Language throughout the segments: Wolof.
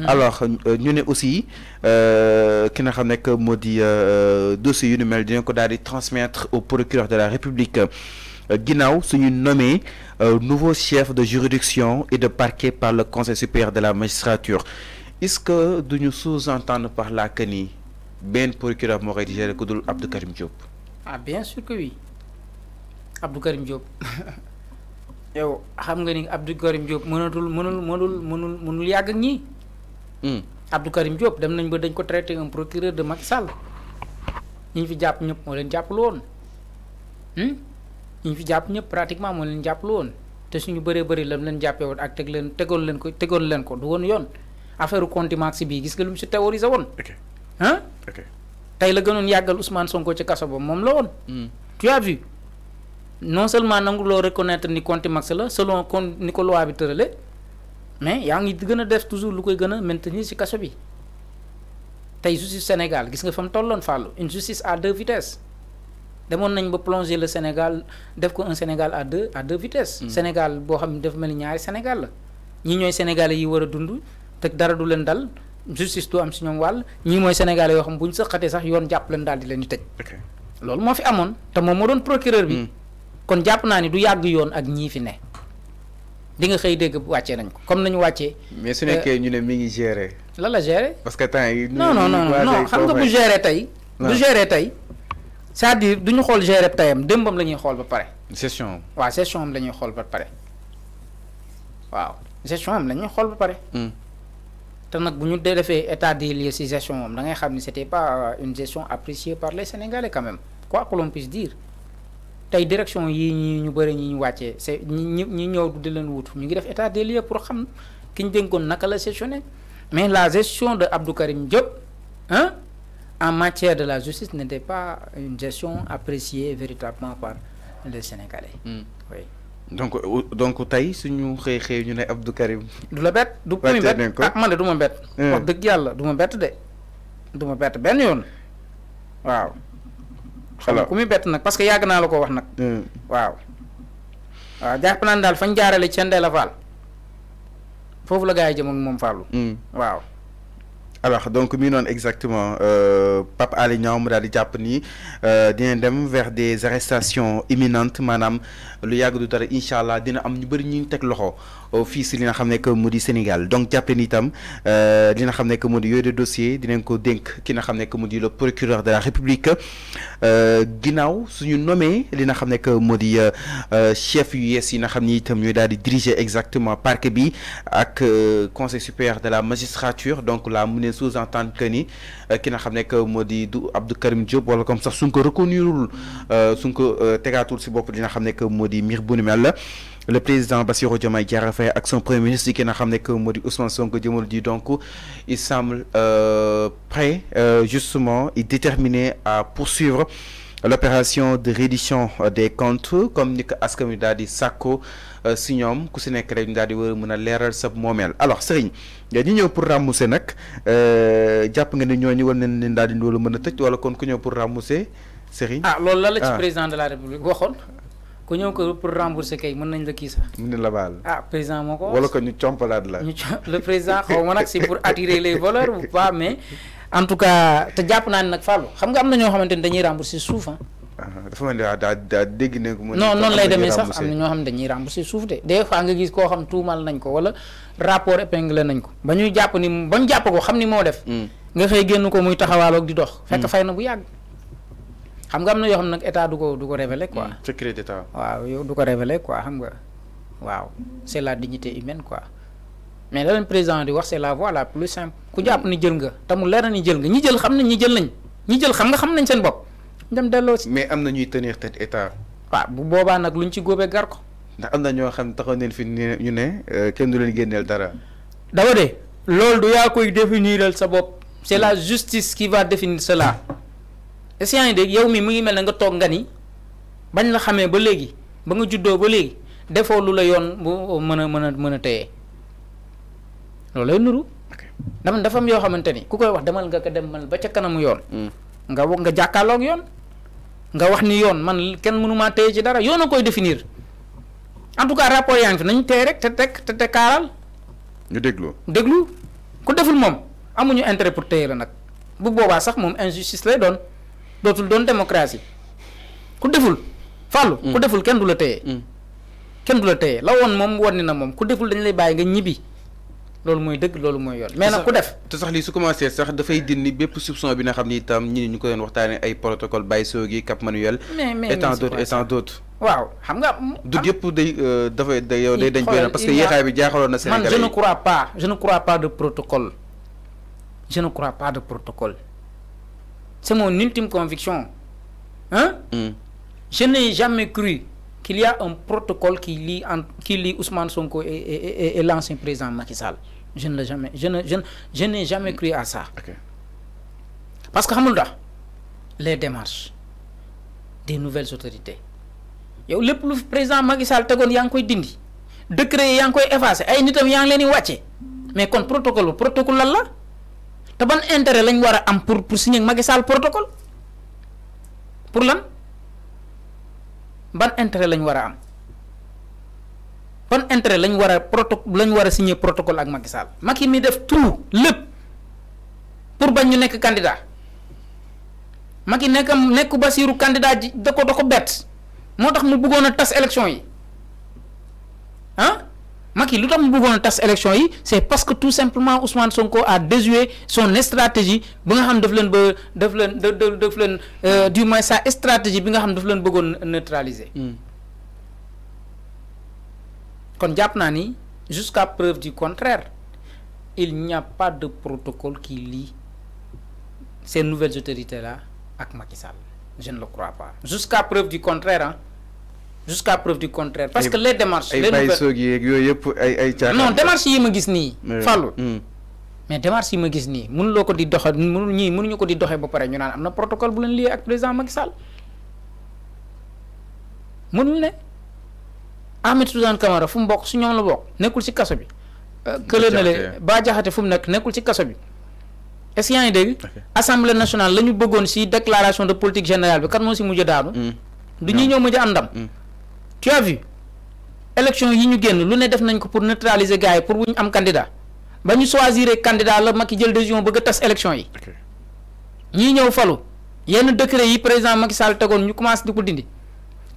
Mm-hmm. alors euh, nous sommes aussi euh, ki n'a xam que moo euh, dossier yu mel transmettre au procureur de la République ginnaaw suñu nommé nouveau chef de juridiction et de parquet par le conseil supérieur de la magistrature est-ce que nous sous entendons par là que Ben procureur Moray a gérer Abdou Karim Diop. ah bien sûr que oui Abdou Karim Diop. yow xam nga Abdou Karim Diop mënatul mënul mënul mënul Mm. Abdou Karim Diop dem nañ ba dañ ko traité un procureur de Macky Sall ñi ñu fi jàpp ñëpp moo leen jàppalu woon hmm? ñi ñu fi jàpp ñëpp pratiquement moo leen jàppalu te suñu bëree bëri lam leen jàppee woon ak teg tegoon leen ko tegoon leen ko woon yoon affaire compte bii gis nga lu si théorisé woon. ah. tey la gënoon yàggal Ousmane Sonko ci kaso ba moom la woon. Mm. tu non seulement nangu loo reconnaître ni compte la selon kon ni ko loi bi tëralee. mais yaa ngi gën a def toujours lu koy gën a maintenir ci kaso bi tey justice Sénégal gis nga fa mu tolloon Fallou une justice à deux vitesses demoon nañ ba plonger le Sénégal def ko un Sénégal à deux à deux vitesses. Hmm. Sénégal boo xam ne dafa mel ni ñaari Sénégal la ñii ñooy sénégalais yi war a dund teg dara du leen dal justice du am ci ñoom wàll ñii mooy sénégalais yoo xam bu ñu sëqatee sax yoon jàpp leen daal di leen tëj. loolu moo fi amoon te moom moo doon procureur bi. Hmm. kon jàpp naa ni du yàgg yoon ak ñii fi ne. di nga xëy dégg wàccee nañ ko comme nañu wàccee. mais su nekkee euh, ñu né mi ngi gérer. la la gérer. parce que temps yi. non non non xam nga bu gérer tay bu gérer tay ça à dire duñu xol xool gérer teyam démbam la ñuy xool ba paré session wa session am lañuy xol ba paré waaw session am lañuy xol xool ba pare. Hmm. te nag bu ñu defee état des lieux si gestion am da ngay xam ni c'était pas une gestion appréciée par les Sénégalais quand même quoi que l'on puisse dire tay direction yi ñi ñu bëri ñi ñu wàccee c'est ñi ñi ñëw di leen wut ñu ngi def état des lieux pour xam ki ñu dénkoon naka la mais la gestion de Abdou Karim Diop hein en matière de la justice n'était pas une gestion appréciée véritablement par les Sénégalais. Mm. Oui. donc euh, donc tay suñu xëy xëy ñu ne Abdou Karim. du la bett du muy bett ah man de du ma bett. Hmm. wax dëgg yàlla du ma bett de du ma bett benn yoon waaw. xam ku muy bett nag parce que yàgg naa la ko wax nag. Hmm. waaw waaw jàpp naa ne daal fañ jaarale Thiendella Fall foofu la gaa yi jëm moom Fallou. Hmm. waaw. alors donc mi noonu exactement euh, Pape Alé Niang mu daal di jàpp ni euh, dem vers des arrestations imminentes madame. lu yàgg du dara incha dina am ñu bëri ñu teg loxo euh, fii si li que mu Sénégal donc jàpp leen itam li nga que mu di de dossier dinañ ko dénk ki qui xam que mu le procureur de la République ginnaaw suñu nommé li nga que mu chef yu yees yi nga xam ni itam diriger exactement parquet bi ak conseil supérieur de la magistrature donc la sous-entendre que ni euh, n'a que Abdou Karim Diop comme ça sont reconnus si dina que modi que mel le président Bassirou Diomaye premier ministre qui n'a que Ousmane Sonko donc il semble euh, prêt euh, justement il déterminé à poursuivre l'opération de reddition euh, des comptes comme ni ko sako di sàkko euh, si ñom ku ci nek rek ñu daal di war a mën sa alors sëriñ euh, ñi ñëw pour nak euh japp nga ni ñooñu war nañ leen daal di loolu wala kon ku ñëw pour ramousser sëriñ. ah loolu la la ci ah. président de la république waxoon. ku ñëw ko pour rembourser kay mëna ñu la ki sa mën la baal ah président moo wala ko ñu compalaat la. le président xaw ma nak si pour attirer les voleurs ou pas mais. en tout cas te jàpp naa ne nag Fallou xam nga am na ñoo xamante ni dañuy si suuf ah. ah. dafa mel ni daa daa dégg ne. non noonu lay demee sax am ñoo xam ne dañuy rembourser suuf de des fois nga gis koo xam tuumal nañ ko wala rapport épinglé nañ ko ba ñuy jàpp ni ba ñu jàpp ko xam ni moo def. Mm. nga xëy génn ko muy taxawaaloog di dox. fekk mm. fay na bu yàgg. xam nga am na yoo xam ne nag état du ko du ko révélé quoi. Mm. secret d'état. waaw yow du ko révélé quoi xam nga waaw c'est la dignité humaine quoi mais la leen président di wax c'est la voie la plus simple. ku jàpp ni jël nga te mu leer jël nga ñi jël xam nañ ñi jël nañ ñi jël xam nga xam nañ seen bopp dem delloo si. mais am na ñuy tenir tête état. waaw bu boobaa nag luñ ci góobee gar ko. ndax am na ñoo xam taxaw neen fi ñu ne euh, kenn du leen génneel dara. dafa de loolu du yaa koy définiral sa bopp c'est la justice qui va définir cela est-ce que yow mi mu ngi mel ne nga toog nga ni bañ la xamee ba léegi ba nga juddoo ba léegi defoo lu la yoon bu mën a mën a mën a téye loolu lay nuru. dam dafa am yo xamanteni ku koy wax demal nga ka demal ba ca kanam yoon. Hmm. nga nga jakalo ak yoon. nga wax ni yoon man ken munuma tey ci dara yoon a koy définir en tout cas rapport yang fi nañ tey rek te tek te te ñu deglu deglu ku deful mom amuñu intérêt pour tey la nak bu boba sax mom injustice lay doon dotul doon démocratie ku deful. fallu ku hmm. deful ken dula tey hmm. ken dula tey la téye la woon ku deful dañ lay baye nga ñibi loolu moy deug loolu moy yoon. mais nag ku def te sax li su commencé sax da fay dindi bépp soupçon bi nga xamni tam itam ñi ñu ko doon waxtane ay protocole Baye Sogui Cap Manuel. mais mais et tant d'autres et d'autres. waaw xam nga. du yëpp day euh, dafay day yow day dañ. xoolal parce que yéxay bi jaxalon na. Sénégalais man je ne crois pas je ne crois pas de protocole je ne crois pas de protocole c'est mon ultime conviction hein. Hmm. je n'ai jamais cru qu'il y a un protocole qui lie, Ousmane Sonko et, l'ancien président Macky Je ne jamais. Je n'ai je, je jamais cru à ça. Parce que les démarches des nouvelles autorités. Le président Macky Sall dit yaa koy dindi décret il y a koy effacé ay nitam mais quand protocole le protocole là la intérêt pour pour signer Macky protocole pour l'homme. ban intérêt lañ war a am ban intérêt lañ war a proto lañ war a signer protocole ak Macky Sall Macky mi def tout lépp pour bañ ñu nekk candidat Macky nekkam nekku basiiru kandidaa ji da ko da ko bett moo tax mu buggoon a tas élection yi ah c'est parce que tout simplement Ousmane Sonko a désué son stratégie pour euh, sa stratégie neutraliser. Hmm. jusqu'à preuve du contraire il n'y a pas de protocole qui lie ces nouvelles autorités là avec Macky je ne le crois pas jusqu'à preuve du contraire hein. jusqu'à preuve du contraire parce que les démarches. les nouvelles ay ay yi ma gis nii. fàllu mm. mais démarches yi ma gis nii loo ko di doxe mënul ñii mënuñu ko di doxee ba pare ñu naan am na protocole bu leen lié ak président Macky Sall mënul ne Ahmed Suzanne Camara fu mu bokk su ñoom la bokk nekkul ci kaso bi. Euh, kële na le Bah Diakhaté fu mu nekk nekkul ci kaso bi. est-ce que yaa ngi dégg. assemblée nationale la ñu bëggoon ci déclaration de politique générale bi kat moo ci mujj daanu. Mm. du ñuy ñëw mujj àndam. tu as yi ñu génn lu ne def nañ ko pour neutraliser gars yi pour bu ñu am candidat ba ñu choisir candidat la Macky jël décision bëgg a tes élection yi ñii ñëw falu yenn décret yi président Macky Sall tegoon ñu commencé di ko dindi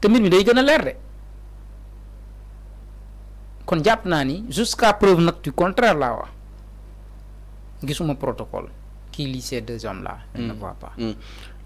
te mbir mi day gën a leer de kon jàpp naa ni jusqu'à preuve nag du contraire laa wax gisuma protocol kii lii ces deux hommes là. on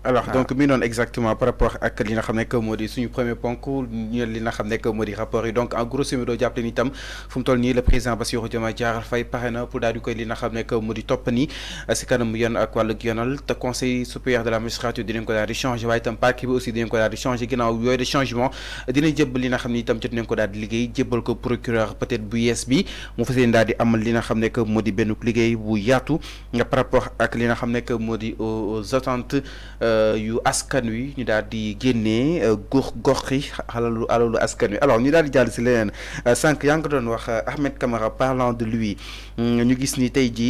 alors ah. donc mi noonu exactement par rapport ak li nga xam nekk moo suñu premier ponku ñu li nga xam nekk moo rapport yi donc en gros grosso do jàppale ni tam fu mu toll nii le président Bassirou Diomaye diar fay pare pour dal di koy li nga xam nekk moo di ni ci euh, kanam yoon ak walu yonal te conseil supérieur de la magistrature dinañ ko dal di changer way tam parquet bi aussi dinañ ko dal di changer ginaaw yoy de changement dinañ jébbal li nga xam tam itam jot ko dal di liggéey jébbal ko procureur peut être bu yes bi mu fassé dal di amal li nga xam nekk moo di liggéey bu yatu nga par rapport ak li nga xam nekk moo aux attentes euh, euh, yu askan wi ñu daal di génnee euh, gox gox yi alalu askan wi alors ñu daal di jàll si leneen euh, sànq yaa wax Ahmed Camara parlant de lui mm, ñu gis ni tey jii.